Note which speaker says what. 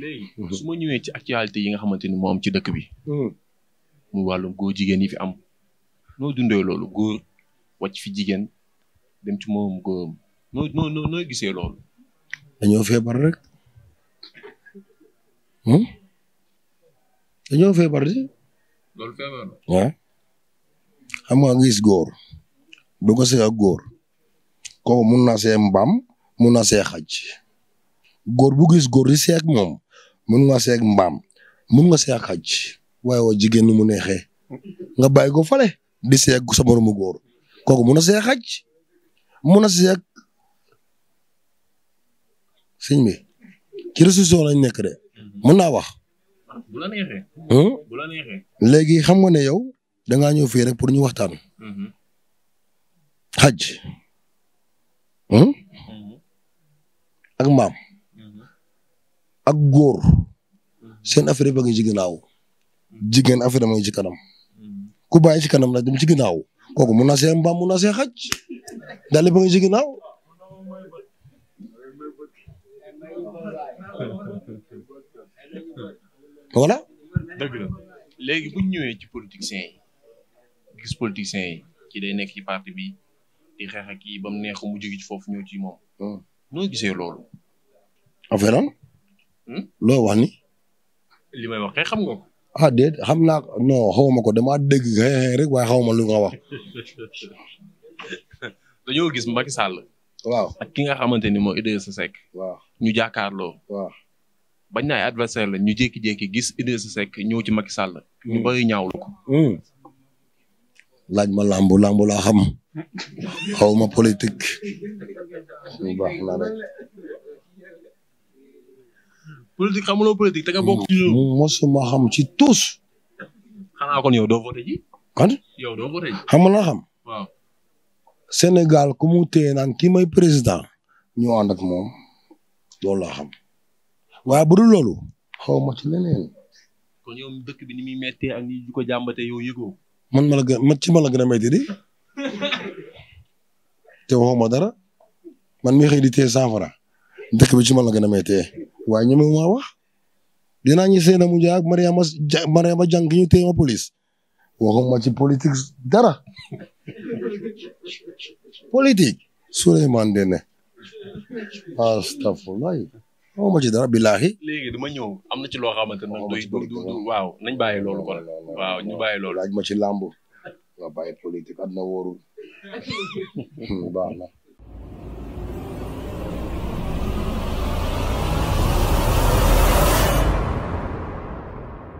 Speaker 1: léegi. Mhm. su ma ñëwee ci actualité yi nga xamante ni moo ci dëkk bi. Mhm. mu wàllum góor jigéen yi fi am. noo dundee loolu góor wàcc fi jigéen dem ci moom góoram noo noo noo gisee loolu. dañoo feebar rek. Hmm?
Speaker 2: dañoo feebar de. loolu feebar la. waaw. xam nga gis góor. du ko see ak góor. kooku mun naa see mbaam mun naa see góor bu gis góor di see ak moom mun nga see ak mbaam mun nga see ak xaj waaye jigéen mu neexee nga bàyyi ko fale di see ak sa moromu góor kooku mun a see xaj mun a see ak sëñ bi ci réseau lañ nekk mën naa wax. bu hmm? xam nga ne yow da ngaa ñëw fii rek pour ñu waxtaan. Mm-hmm. xaj. Hmm?
Speaker 1: Mm-hmm.
Speaker 2: ak maam. ak góor seen affaire ba ngi ci ginnaaw jigéen affaire ma ngi ci kanam ku bàyyi ci kanam nag dem ci ginnaaw kooku mun na see mbaam mun na see xaj daal ba ngi ci ginnaaw
Speaker 1: voilà. dëgg ñëwee ci politiciens yi gis politiciens yi kii day nekk ci parti bi di xeex ak kii ba mu neex mu jóge ci foofu ñëw ci moom.
Speaker 2: Hmm. gisee loolu. Hmm? loo wax ni.
Speaker 1: li may wax xam nga
Speaker 2: ah déet xam naa non xaw ma ko damaa dégg rek waaye xaw ma lu
Speaker 1: nga wax. dañoo gis Macky Sall. waaw ak ki nga xamante ni moo Idrissa Seck. waaw ñu jàkkaarloo. waaw bañ naa ay adversaire la ñu jékki-jékki gis Idrissa Seck ñëw ci Macky Sall. ñu hmm. bëri ñaawlu hmm.
Speaker 2: laaj ma làmb làmb laa xam xaw ma politique. bu baax
Speaker 1: rek. politique xamuloo politique te
Speaker 2: xam ci tous.
Speaker 1: xanaa kon kon yow doo voté ji. xam nga
Speaker 2: xam. Sénégal ku mu téye naan kii may président. ñu ànd ak moom loolu laa xam. waaye bu dul loolu. xaw ma ci leneen. kon
Speaker 1: yow dëkk bi ni yow yëgoo.
Speaker 2: man ma la gën ma ci ma la gën a métti di. te waxuma dara. man mi xëy di téye cent franc. dëkk bi gën waaye ñeme wu ma wax dinaa ñu seen a mujj ak Mariama ja Mariama ñu téye ma police waxuma ci politique dara politique. Souleymane Dene astafurlah waxuma ci dara billahi.
Speaker 1: léegi dama ñëw am na ci loo xamante ne waaw nañ bàyyi loolu kon waaw ñu bàyyi loolu. laaj ma ci làmb nga
Speaker 2: bàyyi politique at na wóorul baax na.